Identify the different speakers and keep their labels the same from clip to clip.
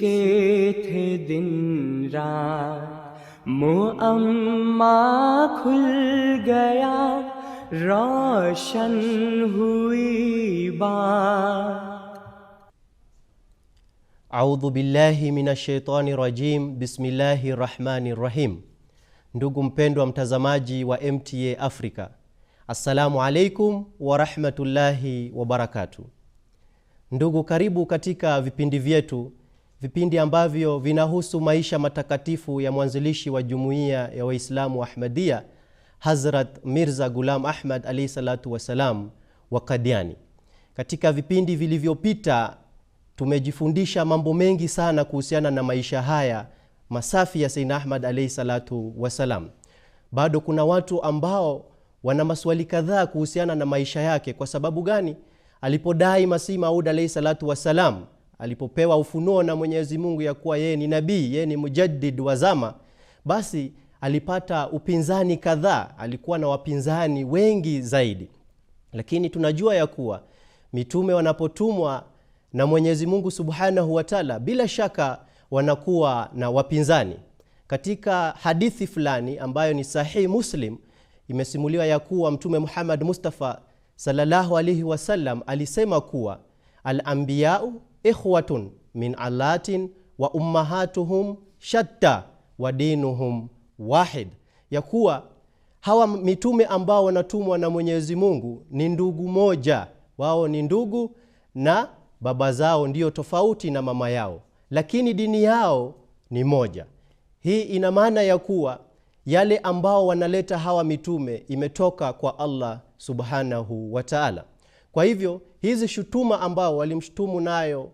Speaker 1: کے تھے دن थे दिन کھل گیا روشن ہوئی بات
Speaker 2: اعوذ باللہ من الشیطان الرجیم بسم Bismillahi rahmani rahim. Ndugu mpendwa mtazamaji wa MTA Africa, Assalamu alaikum warahmatullahi wabarakatu. Ndugu, karibu katika vipindi vyetu, vipindi ambavyo vinahusu maisha matakatifu ya mwanzilishi wa jumuiya ya Waislamu wa Ahmadia, Hazrat Mirza Gulam Ahmad alaihi salatu wassalam wa Kadiani. Katika vipindi vilivyopita tumejifundisha mambo mengi sana kuhusiana na maisha haya masafi ya seina Ahmad alaihi salatu wassalam. Bado kuna watu ambao wana maswali kadhaa kuhusiana na maisha yake. Kwa sababu gani? Alipodai Masihi Maud alaihi salatu wassalam, alipopewa ufunuo na Mwenyezi Mungu ya kuwa yeye ni nabii, yeye ni mujadid wa zama, basi alipata upinzani kadhaa, alikuwa na wapinzani wengi zaidi. Lakini tunajua ya kuwa mitume wanapotumwa na Mwenyezi Mungu subhanahu wataala bila shaka wanakuwa na wapinzani. Katika hadithi fulani ambayo ni sahihi Muslim imesimuliwa ya kuwa Mtume Muhammad Mustafa sallallahu alaihi wasallam alisema kuwa alambiyau ikhwatun min alatin wa ummahatuhum shatta wa dinuhum wahid, ya kuwa hawa mitume ambao wanatumwa na Mwenyezi Mungu ni ndugu moja, wao ni ndugu na baba zao ndiyo tofauti na mama yao, lakini dini yao ni moja. Hii ina maana ya kuwa yale ambao wanaleta hawa mitume imetoka kwa Allah subhanahu wa taala. Kwa hivyo hizi shutuma ambao walimshutumu nayo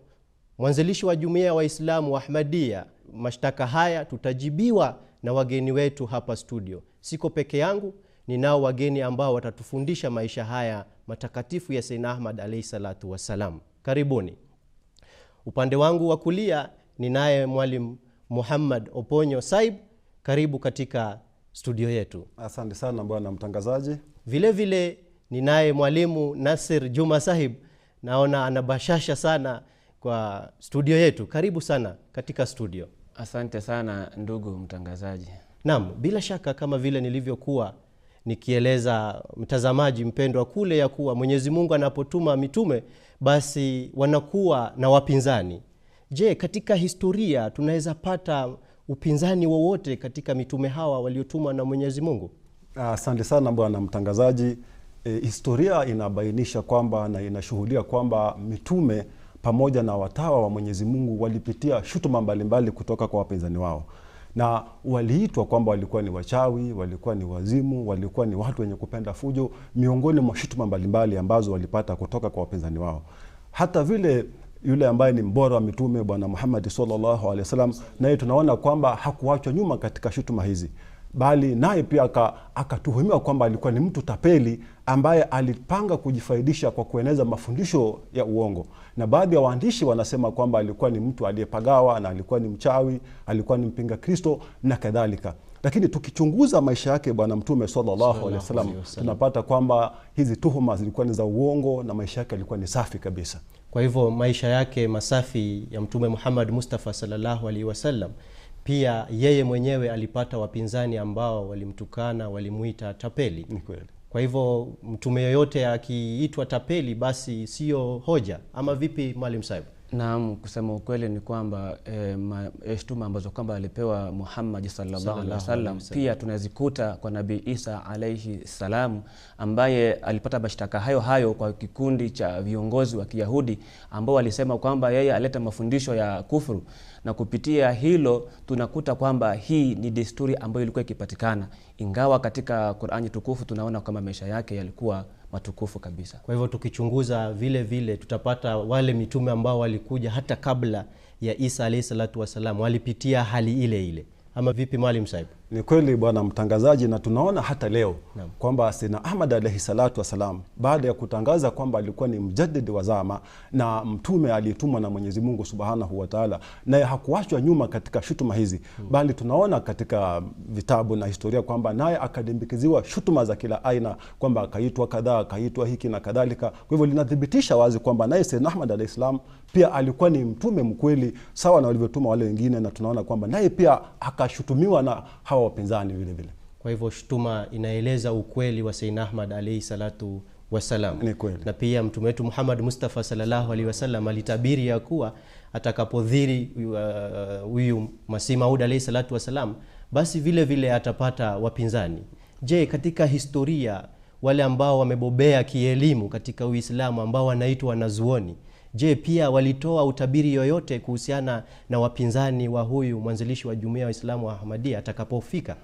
Speaker 2: mwanzilishi wa jumuiya ya Waislamu wa Ahmadia, mashtaka haya tutajibiwa na wageni wetu hapa studio. Siko peke yangu, ninao wageni ambao watatufundisha maisha haya matakatifu ya sein Ahmad alaihi salatu wassalam. Karibuni. Upande wangu wa kulia ninaye Mwalimu Muhammad Oponyo Saib karibu katika studio yetu.
Speaker 3: Asante sana bwana mtangazaji.
Speaker 2: Vilevile ninaye mwalimu Nasir Juma Sahib, naona ana bashasha sana kwa studio yetu. Karibu sana katika studio.
Speaker 4: Asante sana ndugu mtangazaji.
Speaker 2: Naam, bila shaka kama vile nilivyokuwa nikieleza mtazamaji mpendwa kule ya kuwa Mwenyezi Mungu anapotuma mitume basi wanakuwa na wapinzani. Je, katika historia tunaweza pata upinzani wowote katika mitume hawa waliotumwa na Mwenyezi Mungu?
Speaker 3: Asante sana bwana mtangazaji. E, historia inabainisha kwamba na inashuhudia kwamba mitume pamoja na watawa wa Mwenyezi Mungu walipitia shutuma mbalimbali kutoka kwa wapinzani wao na waliitwa kwamba walikuwa ni wachawi, walikuwa ni wazimu, walikuwa ni watu wenye kupenda fujo, miongoni mwa shutuma mbalimbali ambazo walipata kutoka kwa wapinzani wao. Hata vile yule ambaye ni mbora wa mitume Bwana Muhammad sallallahu alaihi wasallam, naye tunaona kwamba hakuachwa nyuma katika shutuma hizi, bali naye pia akatuhumiwa kwamba alikuwa ni mtu tapeli ambaye alipanga kujifaidisha kwa kueneza mafundisho ya uongo, na baadhi ya waandishi wanasema kwamba alikuwa ni mtu aliyepagawa na alikuwa ni mchawi, alikuwa ni mpinga Kristo na kadhalika. Lakini tukichunguza maisha yake Bwana Mtume sallallahu alaihi wasallam tunapata kwamba hizi tuhuma zilikuwa ni za uongo na maisha yake alikuwa ni safi kabisa.
Speaker 2: Kwa hivyo maisha yake masafi ya Mtume Muhammad Mustafa sallallahu alaihi wasallam, pia yeye mwenyewe alipata wapinzani ambao walimtukana, walimuita tapeli. Kwa hivyo mtume yoyote akiitwa tapeli, basi siyo hoja ama vipi, Mwalimu saibu
Speaker 4: Naam, kusema ukweli ni kwamba e, eh, eh, shtuma ambazo kwamba alipewa Muhammad sallallahu alaihi wasallam pia tunazikuta kwa Nabii Isa alaihi salam, ambaye alipata mashtaka hayo hayo kwa kikundi cha viongozi wa Kiyahudi ambao walisema kwamba yeye aleta mafundisho ya kufuru, na kupitia hilo tunakuta kwamba hii ni desturi ambayo ilikuwa ikipatikana, ingawa katika Qur'ani tukufu tunaona kwamba maisha yake yalikuwa watukufu kabisa.
Speaker 2: Kwa hivyo tukichunguza vile vile tutapata wale mitume ambao walikuja hata kabla ya Isa alayhi salatu wassalam walipitia hali ile ile, ama vipi Mwalimu Saibu?
Speaker 3: Ni kweli bwana mtangazaji, na tunaona hata leo kwamba Sayyidna Ahmad alayhi salatu wassalam baada ya kutangaza kwamba alikuwa ni mjadidi wa zama na mtume aliyetumwa na Mwenyezi Mungu subhanahu wa taala, naye hakuachwa nyuma katika shutuma hizi hmm. bali tunaona katika vitabu na historia kwamba naye akadimbikiziwa shutuma za kila aina, kwamba akaitwa kadhaa, akaitwa hiki na kadhalika. Kwa hivyo linathibitisha wazi kwamba naye Sayyidna Ahmad alayhi salam pia alikuwa ni mtume mkweli sawa na walivyotuma wale wengine, na tunaona kwamba naye pia akashutumiwa na hawa wapinzani vile vile.
Speaker 2: Kwa hivyo shutuma inaeleza ukweli wa Sayyidina Ahmad alayhi salatu wasalam. Ni kweli. Na pia mtume wetu Muhammad Mustafa sallallahu alaihi wasallam alitabiri ya kuwa atakapodhiri uh, huyu uh, Masih Maud alayhi salatu wasalam, basi vile vile atapata wapinzani. Je, katika historia wale ambao wamebobea kielimu katika Uislamu ambao wanaitwa wanazuoni Je, pia walitoa utabiri yoyote kuhusiana na wapinzani wa huyu mwanzilishi wa Jumuiya ya Waislamu wa Ahmadiyya atakapofika?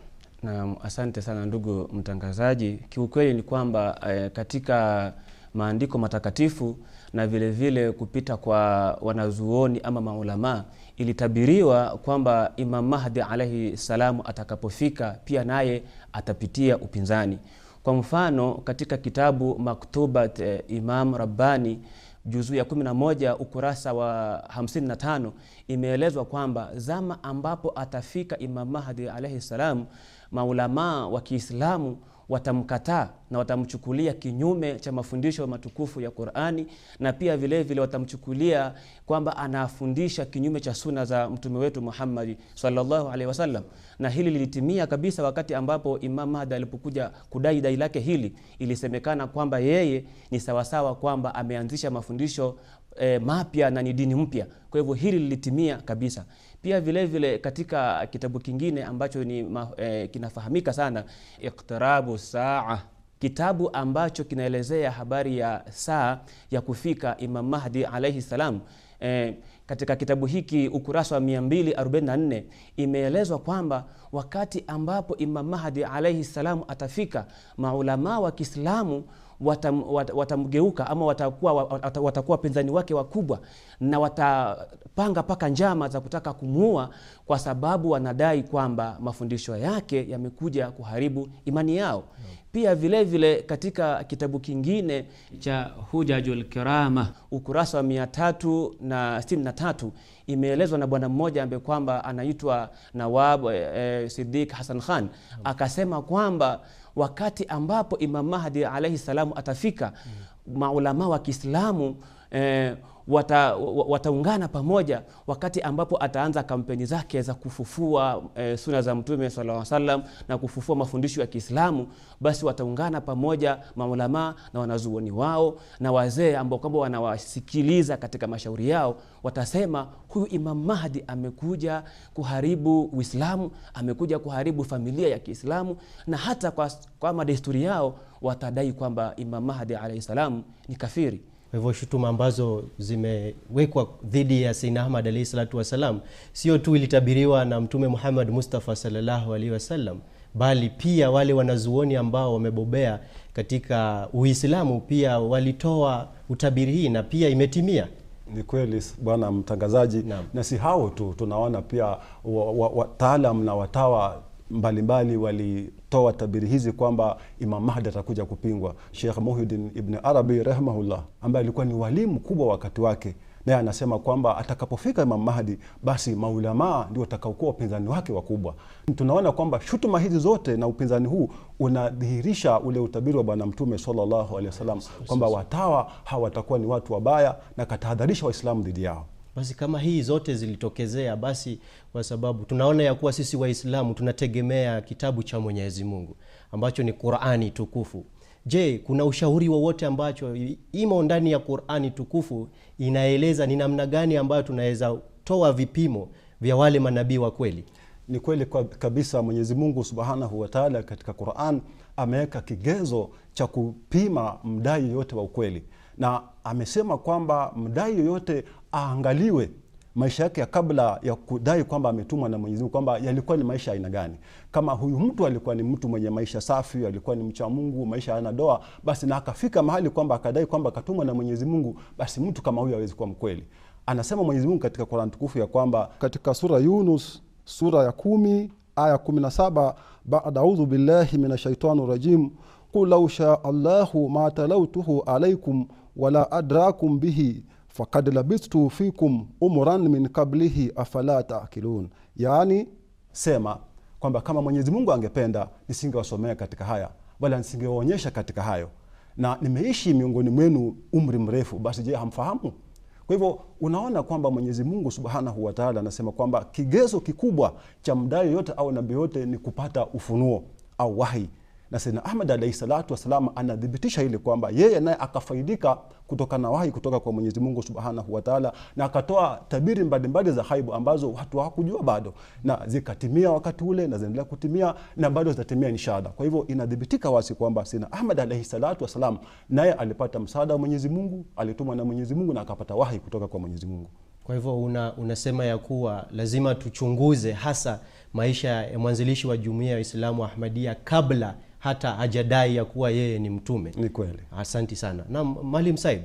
Speaker 4: Naam, asante sana ndugu mtangazaji. Kiukweli ni kwamba eh, katika maandiko matakatifu na vile vile kupita kwa wanazuoni ama maulamaa, ilitabiriwa kwamba Imam Mahdi alaihi salamu atakapofika pia naye atapitia upinzani. Kwa mfano katika kitabu Maktubat eh, Imam Rabbani juzuu ya 11 ukurasa wa 55 imeelezwa kwamba zama ambapo atafika Imam Mahdi alaihi salam, maulamaa wa Kiislamu watamkataa na watamchukulia kinyume cha mafundisho matukufu ya Qur'ani, na pia vile vile watamchukulia kwamba anafundisha kinyume cha suna za mtume wetu Muhammad sallallahu alaihi wasallam. Na hili lilitimia kabisa wakati ambapo Imam Mahdi alipokuja kudai dai lake hili, ilisemekana kwamba yeye ni sawasawa kwamba ameanzisha mafundisho e, mapya na ni dini mpya. Kwa hivyo hili lilitimia kabisa. Pia vile vile katika kitabu kingine ambacho ni ma, e, kinafahamika sana Iqtirabu Saa, kitabu ambacho kinaelezea habari ya saa ya kufika Imam Mahdi alaihi salam. e, katika kitabu hiki ukurasa wa 244 imeelezwa kwamba wakati ambapo Imam Mahdi alaihi salam atafika, maulamaa wa Kiislamu watam, watamgeuka ama watakuwa wat, watakuwa wapinzani wake wakubwa na watapanga mpaka njama za kutaka kumuua kwa sababu wanadai kwamba mafundisho yake yamekuja kuharibu imani yao. Pia vile vile katika kitabu kingine cha Hujajul Kirama ukurasa wa mia na tatu imeelezwa na bwana mmoja ambaye kwamba anaitwa Nawab e, Siddiq Hassan Khan akasema kwamba wakati ambapo Imam Mahdi alaihi salamu atafika, maulama wa Kiislamu eh, wata, wataungana pamoja wakati ambapo ataanza kampeni zake za kufufua e, suna za Mtume sallallahu salam na kufufua mafundisho ya Kiislamu, basi wataungana pamoja maulamaa na wanazuoni wao na wazee ambao kwamba wanawasikiliza katika mashauri yao, watasema huyu Imam Mahdi amekuja kuharibu Uislamu, amekuja kuharibu familia ya Kiislamu, na hata kwa, kwa madesturi yao watadai kwamba Imam Mahdi alaihi salam ni kafiri.
Speaker 2: Kwa hivyo shutuma ambazo zimewekwa dhidi ya Sayyidina Ahmad alayhi salatu wasalam sio tu ilitabiriwa na Mtume Muhammad Mustafa sallallahu alaihi wasallam, bali pia wale wanazuoni ambao wamebobea katika Uislamu pia walitoa utabiri hii na pia imetimia.
Speaker 3: Ni kweli bwana mtangazaji, na si hao tu, tunaona pia wataalam na watawa mbalimbali walitoa tabiri hizi kwamba Imam Mahdi atakuja kupingwa. Sheikh Muhyiddin Ibn Arabi rahimahullah, ambaye alikuwa ni walimu mkubwa wakati wake, naye anasema kwamba atakapofika Imam Mahdi, basi maulamaa ndio watakaokuwa wapinzani wake wakubwa. Tunaona kwamba shutuma hizi zote na upinzani huu unadhihirisha ule utabiri wa Bwana Mtume sallallahu alaihi wasallam kwamba watawa watakuwa ni watu wabaya, na katahadharisha Waislamu dhidi yao.
Speaker 2: Basi kama hii zote zilitokezea, basi kwa sababu tunaona ya kuwa sisi Waislamu tunategemea kitabu cha Mwenyezi Mungu ambacho ni Qur'ani tukufu. Je, kuna ushauri wowote ambacho imo ndani ya Qur'ani tukufu inaeleza ni namna gani ambayo tunaweza toa vipimo vya wale manabii wa kweli?
Speaker 3: Ni kweli kabisa, Mwenyezi Mungu Subhanahu wataala katika Qur'an ameweka kigezo cha kupima mdai yoyote wa ukweli, na amesema kwamba mdai yoyote aangaliwe maisha yake ya kabla ya kudai kwamba ametumwa na Mwenyezi Mungu kwamba yalikuwa ni maisha aina gani. Kama huyu mtu alikuwa ni mtu mwenye maisha safi, alikuwa ni mcha Mungu, maisha ana doa, basi na akafika mahali kwamba akadai kwamba akatumwa na Mwenyezi Mungu, basi mtu kama huyu awezi kuwa mkweli. Anasema Mwenyezi Mungu katika kuran tukufu ya kwamba katika sura Yunus sura ya kumi aya kumi na saba baada audhu billahi min ashaitani rajim qul lau shaa Allahu ma talautuhu alaikum wala adrakum bihi fakad labistu fikum umran min kablihi afala taakilun, yaani sema kwamba kama Mwenyezi Mungu angependa nisingewasomea katika haya wala nisingewaonyesha katika hayo, na nimeishi miongoni mwenu umri mrefu, basi je, hamfahamu? Kwa hivyo unaona kwamba Mwenyezi Mungu Subhanahu wataala anasema kwamba kigezo kikubwa cha mdai yoyote au nabii yote ni kupata ufunuo au wahi na Sayyidina Ahmad alayhi salatu wasalam anadhibitisha ile kwamba yeye naye akafaidika kutokana na wahi kutoka kwa Mwenyezi Mungu Subhanahu wa Ta'ala, na akatoa tabiri mbalimbali za haibu ambazo watu hawakujua bado, na zikatimia wakati ule na zinaendelea kutimia na bado zitatimia inshallah. Kwa hivyo inadhibitika wasi kwamba Sayyidina Ahmad alayhi salatu wasalam naye alipata msaada wa Mwenyezi Mungu, alitumwa na Mwenyezi Mungu na akapata wahi kutoka kwa Mwenyezi Mungu.
Speaker 2: Kwa hivyo una, unasema ya kuwa lazima tuchunguze hasa maisha ya mwanzilishi wa jumuiya ya Waislamu Ahmadiyya kabla hata hajadai ya kuwa yeye ni mtume. Ni kweli. Asanti sana. Na Mwalimu Saib,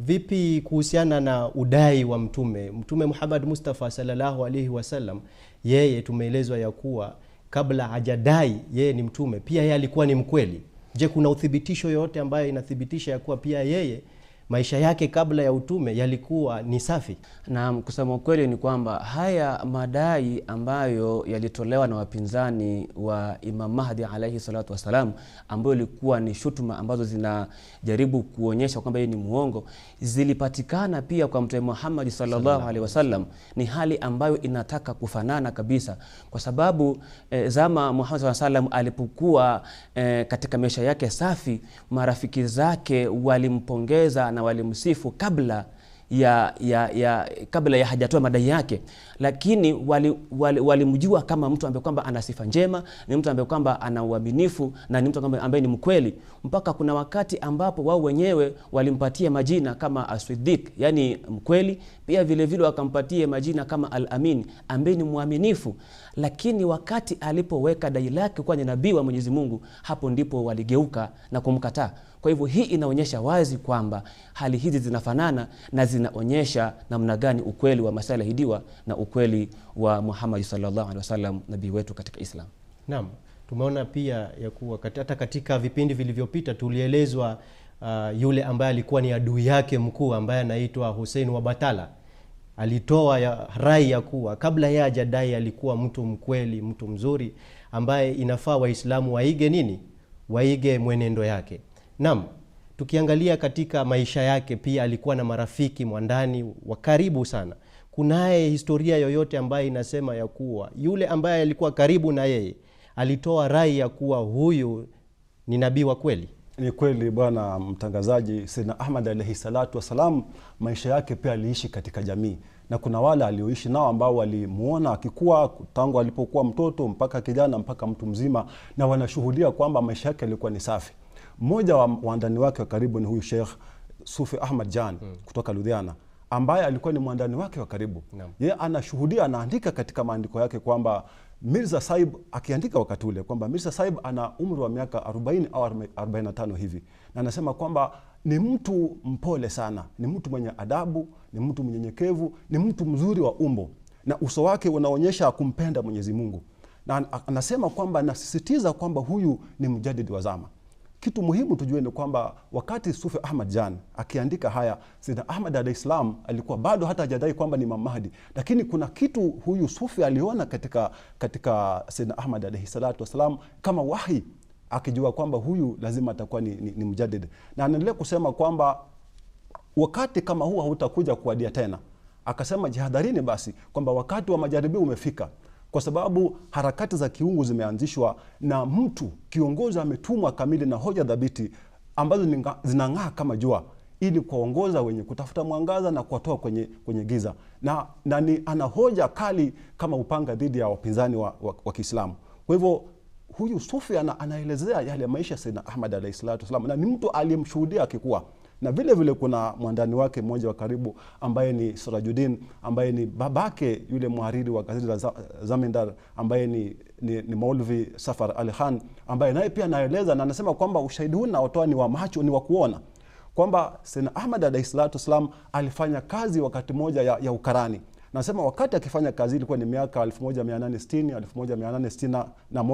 Speaker 2: vipi kuhusiana na udai wa mtume? Mtume Muhammad Mustafa salllahu alaihi wasallam, yeye tumeelezwa ya kuwa kabla hajadai yeye ni mtume, pia yeye alikuwa ni mkweli. Je, kuna uthibitisho yoyote ambayo inathibitisha ya kuwa pia yeye maisha yake kabla ya utume yalikuwa ni safi.
Speaker 4: Na kusema ukweli ni kwamba haya madai ambayo yalitolewa na wapinzani wa Imam Mahdi alaihi salatu wassalam, ambayo ilikuwa ni shutuma ambazo zinajaribu kuonyesha kwamba yeye ni muongo, zilipatikana pia kwa Mtume Muhammad sallallahu alaihi wasallam. Ni hali ambayo inataka kufanana kabisa, kwa sababu eh, zama Muhammad sallallahu alaihi wasallam alipokuwa eh, katika maisha yake safi, marafiki zake walimpongeza na walimsifu kabla ya, ya, ya, kabla ya hajatoa madai yake, lakini walimjua wali, wali kama mtu ambaye kwamba ana sifa njema, ni mtu ambaye kwamba ana uaminifu na ni mtu ambaye ni mkweli, mpaka kuna wakati ambapo wao wenyewe walimpatia majina kama Aswidik, yani mkweli, pia vilevile wakampatia majina kama Al-Amin ambaye ni mwaminifu. Lakini wakati alipoweka dai lake kwa nabii wa Mwenyezi Mungu, hapo ndipo waligeuka na kumkataa. Kwa hivyo hii inaonyesha wazi kwamba hali hizi zinafanana na zinaonyesha namna gani ukweli wa masala aliyeahidiwa na ukweli wa muhamad sallallahu alaihi wasallam nabii wetu katika Islam.
Speaker 2: Naam, tumeona pia ya kuwa hata katika vipindi vilivyopita tulielezwa uh, yule ambaye alikuwa ni adui yake mkuu ambaye anaitwa husein wa Batala alitoa ya rai ya kuwa kabla yeye hajadai alikuwa mtu mkweli, mtu mzuri ambaye inafaa Waislamu waige nini, waige mwenendo yake. Naam, tukiangalia katika maisha yake pia alikuwa na marafiki mwandani wa karibu sana. Kunaye historia yoyote ambayo inasema ya kuwa yule ambaye alikuwa karibu na yeye alitoa rai ya kuwa huyu ni nabii wa kweli?
Speaker 3: Ni kweli bwana mtangazaji, Sayyidna Ahmad alaihi salatu wassalam, maisha yake pia aliishi katika jamii, na kuna wale alioishi nao ambao walimuona akikuwa tangu alipokuwa mtoto mpaka kijana mpaka mtu mzima, na wanashuhudia kwamba maisha yake yalikuwa ni safi. Mmoja wa wandani wake wa karibu ni huyu Sheikh Sufi Ahmad Jan mm. kutoka Ludhiana ambaye alikuwa ni mwandani wake wa karibu no. Yeye anashuhudia, anaandika katika maandiko yake kwamba Mirza Saib akiandika wakati ule kwamba Mirza Saib ana umri wa miaka 40 au 45 hivi, na anasema kwamba ni mtu mpole sana, ni mtu mwenye adabu, ni mtu mnyenyekevu, ni mtu mzuri wa umbo na uso wake unaonyesha kumpenda Mwenyezi Mungu, na anasema kwamba, nasisitiza kwamba huyu ni mjadidi wa zama. Kitu muhimu tujue ni kwamba wakati Sufi Ahmad Jan akiandika haya, Sayyidna Ahmad alah islam alikuwa bado hata hajadai kwamba ni mamahdi lakini kuna kitu huyu Sufi aliona katika, katika Sidna Ahmad alaihi salatu wassalam kama wahi, akijua kwamba huyu lazima atakuwa ni, ni, ni mjadid, na anaendelea kusema kwamba wakati kama huu hautakuja kuadia tena. Akasema jihadharini basi kwamba wakati wa majaribio umefika kwa sababu harakati za kiungu zimeanzishwa na mtu kiongozi ametumwa kamili na hoja dhabiti ambazo zinang'aa kama jua ili kuwaongoza wenye kutafuta mwangaza na kuwatoa kwenye, kwenye giza na, na ni ana hoja kali kama upanga dhidi ya wapinzani wa, wa, wa Kiislamu. Kwa hivyo huyu sufi ana, anaelezea yale maisha ya Sayyidna Ahmad alayhi salatu wasalam, na ni mtu aliyemshuhudia akikuwa na vile vile kuna mwandani wake mmoja wa karibu ambaye ni Sirajuddin ambaye ni babake yule mhariri wa gazeti la Zamindar ambaye ni, ni, ni Maulvi Safar Ali Khan ambaye naye pia anaeleza na anasema kwamba ushahidi huu naotoa ni wa macho, ni wa kuona kwamba sena Ahmad alayhi salatu wasalam alifanya kazi wakati mmoja ya, ya ukarani Nasema wakati akifanya kazi ilikuwa ni miaka 1860, 1861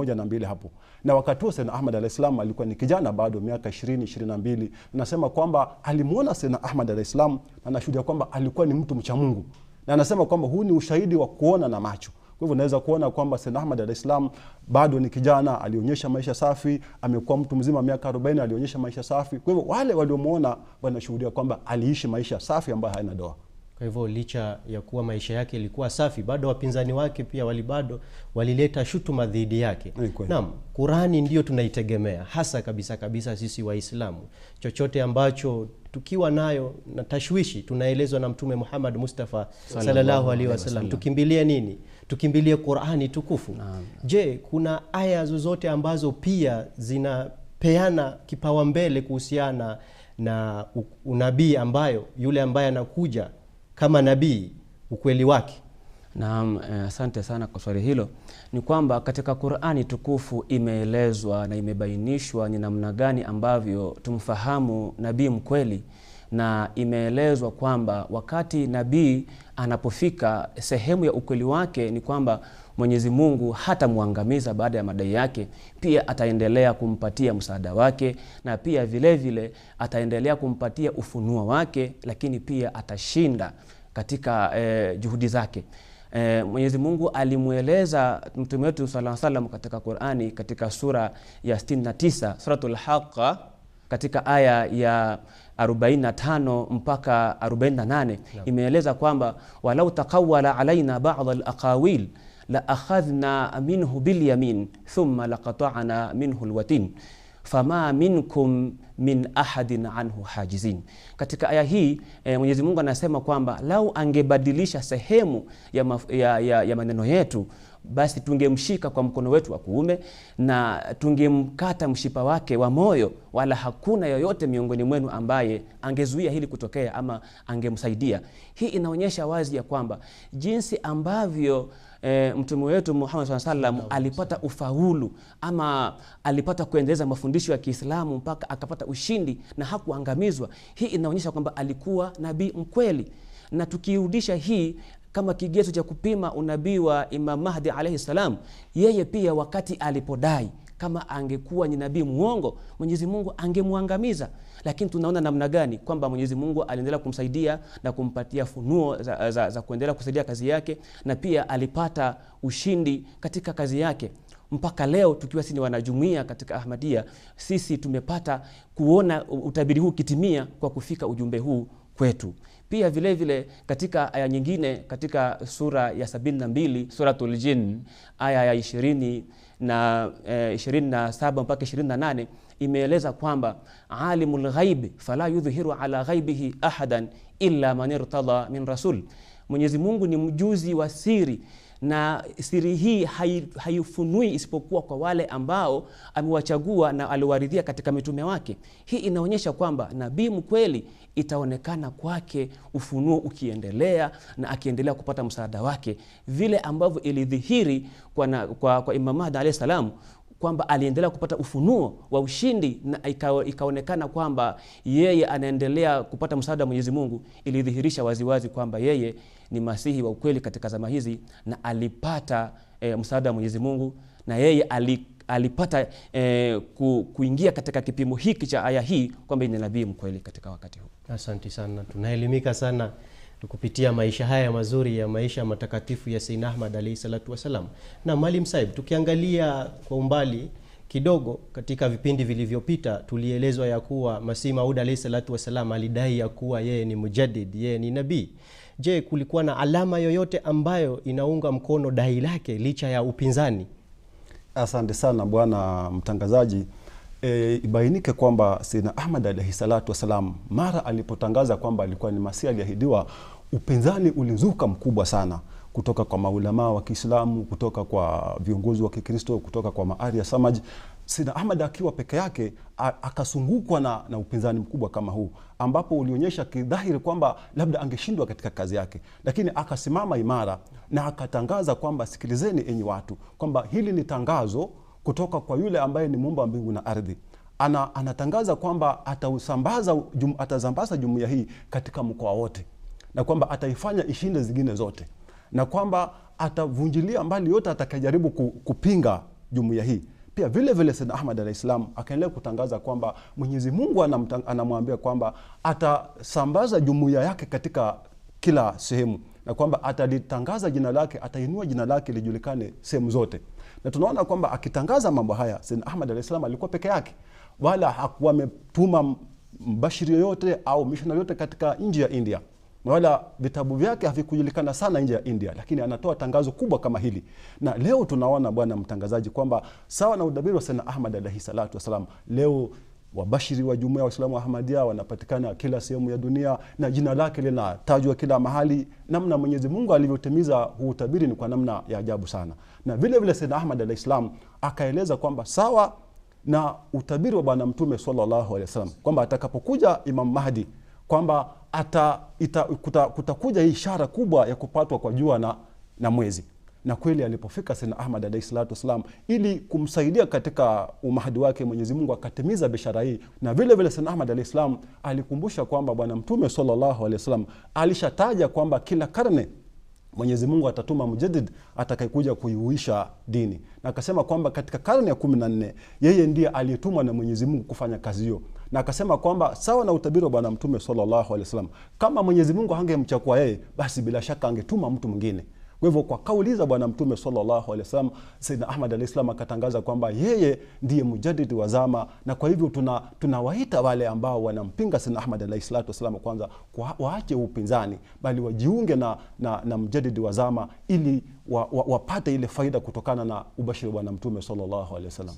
Speaker 3: na na mbili hapo. Na wakati huo sena Ahmad alayhis alikuwa ni kijana bado miaka 20, 22. Nasema kwamba alimuona sena Ahmad alayhis na nashuhudia kwamba alikuwa ni mtu mcha Mungu. Na anasema kwamba huu ni ushahidi wa kuona na macho. Kwa hivyo naweza kuona kwamba sena Ahmad alayhis bado ni kijana, alionyesha maisha safi, amekuwa mtu mzima miaka 40, alionyesha maisha safi. Kwa hivyo wale waliomuona wanashuhudia kwamba aliishi maisha safi ambayo haina doa.
Speaker 2: Kwa hivyo licha ya kuwa maisha yake ilikuwa safi, bado wapinzani wake pia wali bado walileta shutuma dhidi yake. Naam, Qurani ndio tunaitegemea hasa kabisa kabisa sisi Waislamu. Chochote ambacho tukiwa nayo na tashwishi, tunaelezwa na Mtume Muhammad Mustafa sallallahu alaihi wasallam, tukimbilie nini? Tukimbilie Qurani tukufu. Je, kuna aya zozote ambazo pia zinapeana mbele kuhusiana na unabii ambayo yule ambaye anakuja kama nabii ukweli wake?
Speaker 4: Naam, eh, asante sana kwa swali hilo. Ni kwamba katika Qur'ani tukufu imeelezwa na imebainishwa ni namna gani ambavyo tumfahamu nabii mkweli na imeelezwa kwamba wakati nabii anapofika sehemu ya ukweli wake ni kwamba Mwenyezi Mungu hatamwangamiza baada ya madai yake, pia ataendelea kumpatia msaada wake, na pia vilevile vile, ataendelea kumpatia ufunuo wake, lakini pia atashinda katika eh, juhudi zake. E, Mwenyezi Mungu alimweleza mtume wetu sallallahu alaihi wasallam katika Qur'ani katika sura ya 69 suratul Haqqa katika aya ya 45 mpaka 48 imeeleza kwamba walau taqawwala alaina ba'd al aqawil la akhadhna minhu bilyamin thumma laqata'na minhu alwatin fama minkum min ahadin anhu hajizin. Katika aya hii e, Mwenyezi Mungu anasema kwamba lau angebadilisha sehemu ya, maf, ya, ya, ya maneno yetu basi tungemshika kwa mkono wetu wa kuume na tungemkata mshipa wake wa moyo, wala hakuna yoyote miongoni mwenu ambaye angezuia hili kutokea ama angemsaidia. Hii inaonyesha wazi ya kwamba jinsi ambavyo e, mtume wetu Muhammad sallallahu alaihi alipata ufaulu ama alipata kuendeleza mafundisho ya Kiislamu mpaka akapata ushindi na hakuangamizwa. Hii inaonyesha kwamba alikuwa nabii mkweli, na tukirudisha hii kama kigezo cha kupima unabii wa Imam Mahdi alaihi salam, yeye pia wakati alipodai kama angekuwa ni nabii muongo, Mwenyezi Mungu angemwangamiza. Lakini tunaona namna gani kwamba Mwenyezi Mungu aliendelea kumsaidia na kumpatia funuo za, za, za kuendelea kusaidia kazi yake, na pia alipata ushindi katika kazi yake mpaka leo tukiwa sisi ni wanajumuia katika ahmadia sisi tumepata kuona utabiri huu kitimia kwa kufika ujumbe huu kwetu. Pia vile vile katika aya nyingine katika sura ya 72 Suratul Jin aya ya ishirini na eh, 27 mpaka 28 imeeleza kwamba alimul ghaibi fala yudhhiru ala ghaibihi ahadan illa man irtada min rasul, Mwenyezi Mungu ni mjuzi wa siri na siri hii haifunui isipokuwa kwa wale ambao amewachagua na aliwaridhia katika mitume wake. Hii inaonyesha kwamba nabii mkweli itaonekana kwake ufunuo ukiendelea na akiendelea kupata msaada wake, vile ambavyo ilidhihiri kwa, na, kwa, kwa Imam Mahdi alayhi salam kwamba aliendelea kupata ufunuo wa ushindi na ikaonekana kwamba yeye anaendelea kupata msaada wa Mwenyezi Mungu, ilidhihirisha waziwazi kwamba yeye ni masihi wa ukweli katika zama hizi na alipata e, msaada wa Mwenyezi Mungu na yeye ali, alipata e, ku, kuingia katika kipimo hiki cha aya hii kwamba ni nabii mkweli katika wakati huu.
Speaker 2: Asante sana, tunaelimika sana kupitia maisha haya mazuri ya maisha matakatifu ya Sayyidna Ahmad alayhi salatu wasalam. Na Maalim Saib, tukiangalia kwa umbali kidogo katika vipindi vilivyopita tulielezwa ya kuwa Masihi Maud alayhi salatu wasalam alidai ya kuwa yeye ni mujaddid, yeye ni nabii, Je, kulikuwa na alama yoyote ambayo inaunga mkono dai lake licha ya upinzani?
Speaker 3: Asante sana bwana mtangazaji. E, ibainike kwamba sina Ahmad alaihi salatu wassalam mara alipotangaza kwamba alikuwa ni Masihi aliahidiwa, upinzani ulizuka mkubwa sana kutoka kwa maulamaa wa Kiislamu, kutoka kwa viongozi wa Kikristo, kutoka kwa maaria samaj Sina Ahmad akiwa peke yake akasungukwa na, na upinzani mkubwa kama huu ambapo ulionyesha kidhahiri kwamba labda angeshindwa katika kazi yake, lakini akasimama imara na akatangaza kwamba sikilizeni, enyi watu, kwamba hili ni tangazo kutoka kwa yule ambaye ni muumba mbingu na ardhi. Ana, anatangaza kwamba atausambaza jum, atasambaza jumuiya hii katika mkoa wote na kwamba ataifanya ishinde zingine zote na kwamba atavunjilia mbali yote atakayejaribu kupinga jumuiya hii. Pia vile vile Sayyidna Ahmad alaihis salam akaendelea kutangaza kwamba Mwenyezi Mungu anamwambia kwamba atasambaza jumuiya yake katika kila sehemu na kwamba atalitangaza jina lake, atainua jina lake lijulikane sehemu zote. Na tunaona kwamba akitangaza mambo haya Sayyidna Ahmad alaihis salam alikuwa peke yake, wala hakuwa ametuma mbashiri yoyote au mishonari yoyote katika nchi ya India wala vitabu vyake havikujulikana sana nje ya India, lakini anatoa tangazo kubwa kama hili. Na leo tunaona bwana mtangazaji, kwamba sawa na udabiri wa sana Ahmad alaihi salatu wasalam leo wabashiri wa jumuiya Waislamu wa wanapatikana kila sehemu ya dunia na jina lake linatajwa kila mahali. Namna Mwenyezi Mungu alivyotimiza huu utabiri ni kwa namna ya ajabu sana. Na vile vile Sayyid Ahmad alaihis salam akaeleza kwamba sawa na utabiri wa Bwana Mtume sallallahu alaihi wasallam kwamba atakapokuja Imam Mahdi kwamba kutakuja kuta hii ishara kubwa ya kupatwa kwa jua na, na mwezi na kweli alipofika sena Ahmad alahi salatu wassalam, ili kumsaidia katika umahadi wake, Mwenyezi Mungu akatimiza bishara hii. Na vile vile Ahmad alahi salam alikumbusha kwamba Bwana Mtume sallallahu alayhi wasallam alishataja kwamba kila karne Mwenyezi Mungu atatuma mujaddid atakayekuja kuiuisha dini, na akasema kwamba katika karne ya kumi na nne yeye ndiye aliyetumwa na Mwenyezi Mungu kufanya kazi hiyo, na akasema kwamba sawa na utabiri wa Bwana Mtume sallallahu alaihi wasallam, kama Mwenyezi Mungu hangemchakua yeye, basi bila shaka angetuma mtu mwingine. Kwa hivyo kwa kauli za Bwana Mtume sallallahu alaihi wasallam, Sayyidina Ahmad alaihis salam akatangaza kwamba yeye ndiye mujadidi wa zama, na kwa hivyo tunawaita wale ambao wanampinga Sayyidina Ahmad alaihi salatu wasallam kwanza kwa, waache upinzani, bali wajiunge na, na, na mjadidi wa zama ili wa, wa, wapate ile faida kutokana na ubashiri wa Bwana Mtume sallallahu alaihi wasallam.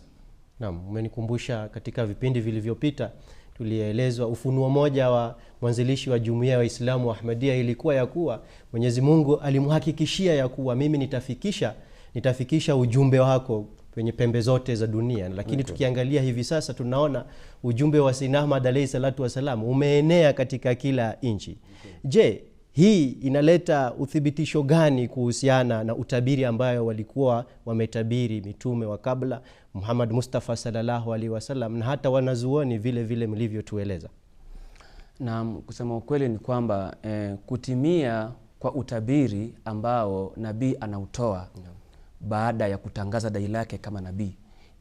Speaker 2: Naam, umenikumbusha katika vipindi vilivyopita tulielezwa ufunuo moja wa mwanzilishi wa jumuiya ya Waislamu wa Ahmadia ilikuwa ya kuwa Mwenyezi Mungu alimhakikishia ya kuwa mimi nitafikisha nitafikisha ujumbe wako kwenye pembe zote za dunia, lakini okay. Tukiangalia hivi sasa tunaona ujumbe wa Sayyidna Ahmad salatu wassalam umeenea katika kila nchi okay. Je, hii inaleta uthibitisho gani kuhusiana na utabiri ambayo walikuwa wametabiri mitume wa kabla Muhammad Mustafa sallallahu alaihi wasallam na hata wanazuoni vile vile mlivyotueleza.
Speaker 4: Naam, kusema ukweli ni kwamba eh, kutimia kwa utabiri ambao nabii anautoa baada ya kutangaza dai lake kama nabii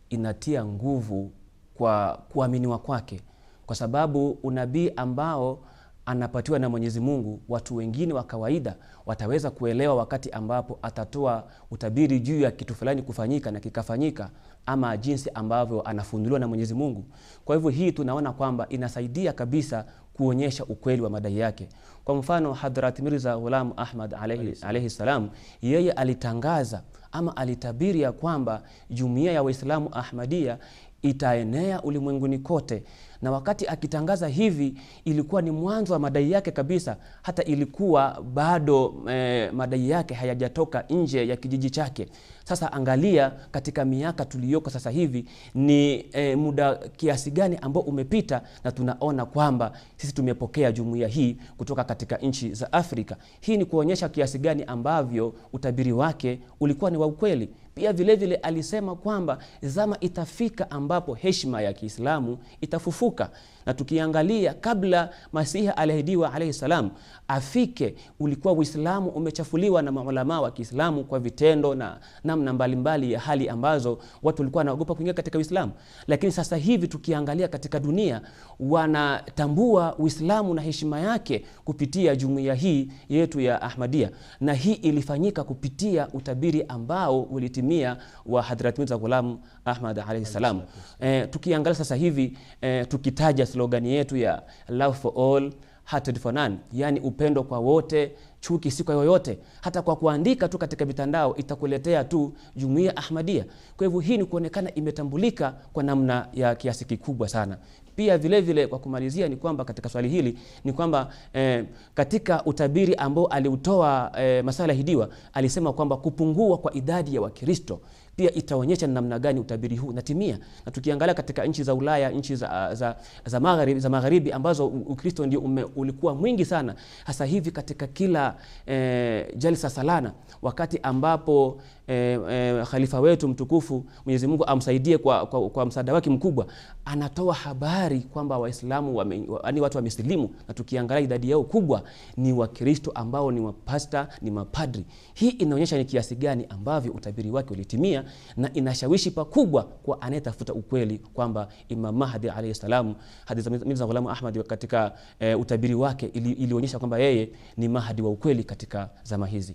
Speaker 4: inatia nguvu kwa kuaminiwa kwake, kwa sababu unabii ambao anapatiwa na Mwenyezi Mungu, watu wengine wa kawaida wataweza kuelewa wakati ambapo atatoa utabiri juu ya kitu fulani kufanyika na kikafanyika, ama jinsi ambavyo anafunuliwa na Mwenyezi Mungu. Kwa hivyo hii tunaona kwamba inasaidia kabisa kuonyesha ukweli wa madai yake. Kwa mfano, Hadrat Mirza Ghulam Ahmad alayhi, alayhi salam, yeye alitangaza ama alitabiri ya kwamba jumuiya ya Waislamu Ahmadiyya itaenea ulimwenguni kote. Na wakati akitangaza hivi, ilikuwa ni mwanzo wa madai yake kabisa, hata ilikuwa bado eh, madai yake hayajatoka nje ya kijiji chake. Sasa angalia katika miaka tuliyoko sasa hivi ni eh, muda kiasi gani ambao umepita, na tunaona kwamba sisi tumepokea jumuiya hii kutoka katika nchi za Afrika. Hii ni kuonyesha kiasi gani ambavyo utabiri wake ulikuwa ni wa ukweli. Pia vilevile vile alisema kwamba zama itafika ambapo heshima ya Kiislamu itafufuka, na tukiangalia kabla Masihi aliahidiwa alayhi salam afike, ulikuwa Uislamu umechafuliwa na maulamaa wa Kiislamu kwa vitendo na namna mbalimbali ya hali ambazo watu walikuwa wanaogopa kuingia katika Uislamu. Lakini sasa hivi tukiangalia katika dunia, wanatambua Uislamu na heshima yake kupitia jumuiya hii yetu ya Ahmadia, na hii ilifanyika kupitia utabiri ambao ulitimia mia wa Hadhrati Mirza Ghulam Ahmad alayhi salam. E, tukiangalia sasa hivi e, tukitaja slogani yetu ya love for all hatred for none, yani upendo kwa wote chuki si kwa yoyote. Hata kwa kuandika tu katika mitandao itakuletea tu jumuiya Ahmadia. Kwa hivyo hii ni kuonekana imetambulika kwa namna ya kiasi kikubwa sana. Pia vile vile kwa kumalizia ni kwamba katika swali hili ni kwamba eh, katika utabiri ambao aliutoa eh, Masala Hidiwa alisema kwamba kupungua kwa idadi ya Wakristo pia itaonyesha ni namna gani utabiri huu unatimia. Na tukiangalia katika nchi za Ulaya, nchi za, ah, za, za, magharibi, za magharibi ambazo Ukristo ndio ulikuwa mwingi sana, hasa hivi katika kila e, jalsa salana, wakati ambapo e, e, khalifa wetu mtukufu Mwenyezi Mungu amsaidie kwa, kwa, kwa msaada wake mkubwa, anatoa habari kwamba Waislamu wame, wa, yaani watu wamesilimu, na tukiangalia idadi yao kubwa ni Wakristo ambao ni mapasta, ni mapadri. Hii inaonyesha ni kiasi gani ambavyo utabiri wake ulitimia na inashawishi pakubwa kwa anayetafuta ukweli kwamba Imam Mahdi alayhi salam, hadith za Mirza Ghulam Ahmad katika e, utabiri wake ilionyesha ili kwamba yeye ni Mahdi wa ukweli katika zama hizi.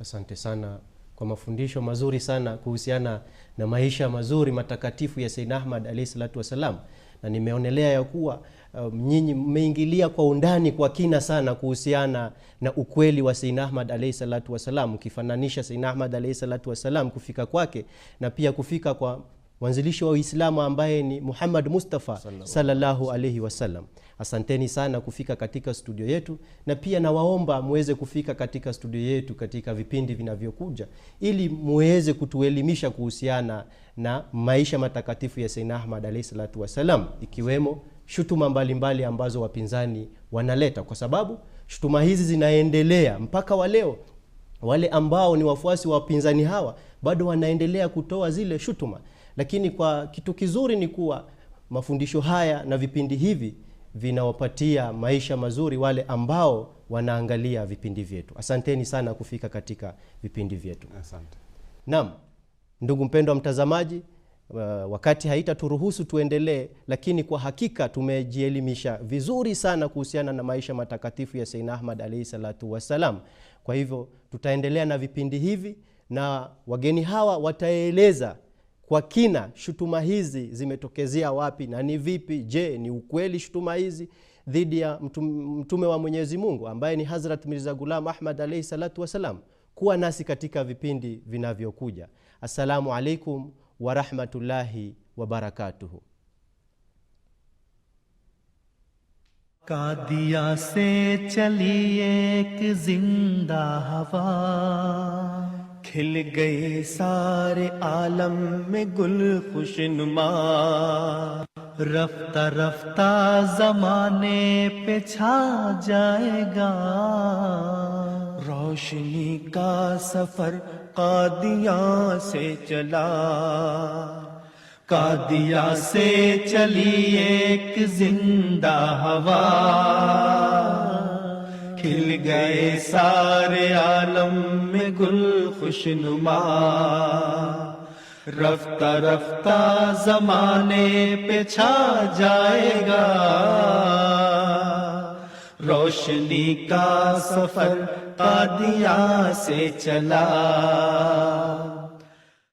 Speaker 2: Asante sana kwa mafundisho mazuri sana kuhusiana na maisha mazuri matakatifu ya Sayyid Ahmad alayhi salatu wasalam na nimeonelea ya kuwa um, nyinyi mmeingilia kwa undani kwa kina sana kuhusiana na ukweli wa Sayyidna Ahmad alaihi salatu wassalam ukifananisha Sayyidna Ahmad alaihi salatu wassalam kufika kwake na pia kufika kwa mwanzilishi wa Uislamu ambaye ni Muhammad Mustafa salllahu alaihi wasallam. Asanteni sana kufika katika studio yetu, na pia nawaomba muweze kufika katika studio yetu katika vipindi vinavyokuja, ili muweze kutuelimisha kuhusiana na maisha matakatifu ya Sayyidna Ahmad alaihi salatu wassalam ikiwemo shutuma mbalimbali mbali ambazo wapinzani wanaleta, kwa sababu shutuma hizi zinaendelea mpaka wa leo. Wale ambao ni wafuasi wa wapinzani hawa bado wanaendelea kutoa zile shutuma. Lakini kwa kitu kizuri ni kuwa mafundisho haya na vipindi hivi vinawapatia maisha mazuri wale ambao wanaangalia vipindi vyetu. Asanteni sana kufika katika vipindi vyetu. Naam, ndugu mpendwa mtazamaji, wakati haitaturuhusu tuendelee, lakini kwa hakika tumejielimisha vizuri sana kuhusiana na maisha matakatifu ya sein Ahmad alaihi salatu wassalam. Kwa hivyo tutaendelea na vipindi hivi na wageni hawa wataeleza kwa kina shutuma hizi zimetokezea wapi na ni vipi? Je, ni ukweli shutuma hizi dhidi ya mtume wa Mwenyezi Mungu ambaye ni Hazrat Mirza Gulam Ahmad alaihi salatu wassalam? Kuwa nasi katika vipindi vinavyokuja. Assalamu alaikum warahmatullahi wabarakatuhu. کھل گئے سارے عالم میں گل خوش نما رفتہ رفتہ زمانے پہ چھا جائے گا روشنی کا سفر قادیاں سے چلا قادیا سے چلی ایک زندہ ہوا کھل گئے سارے عالم میں گل خوش نما رفتہ رفتہ زمانے پہ چھا جائے گا روشنی کا سفر قادیاں سے چلا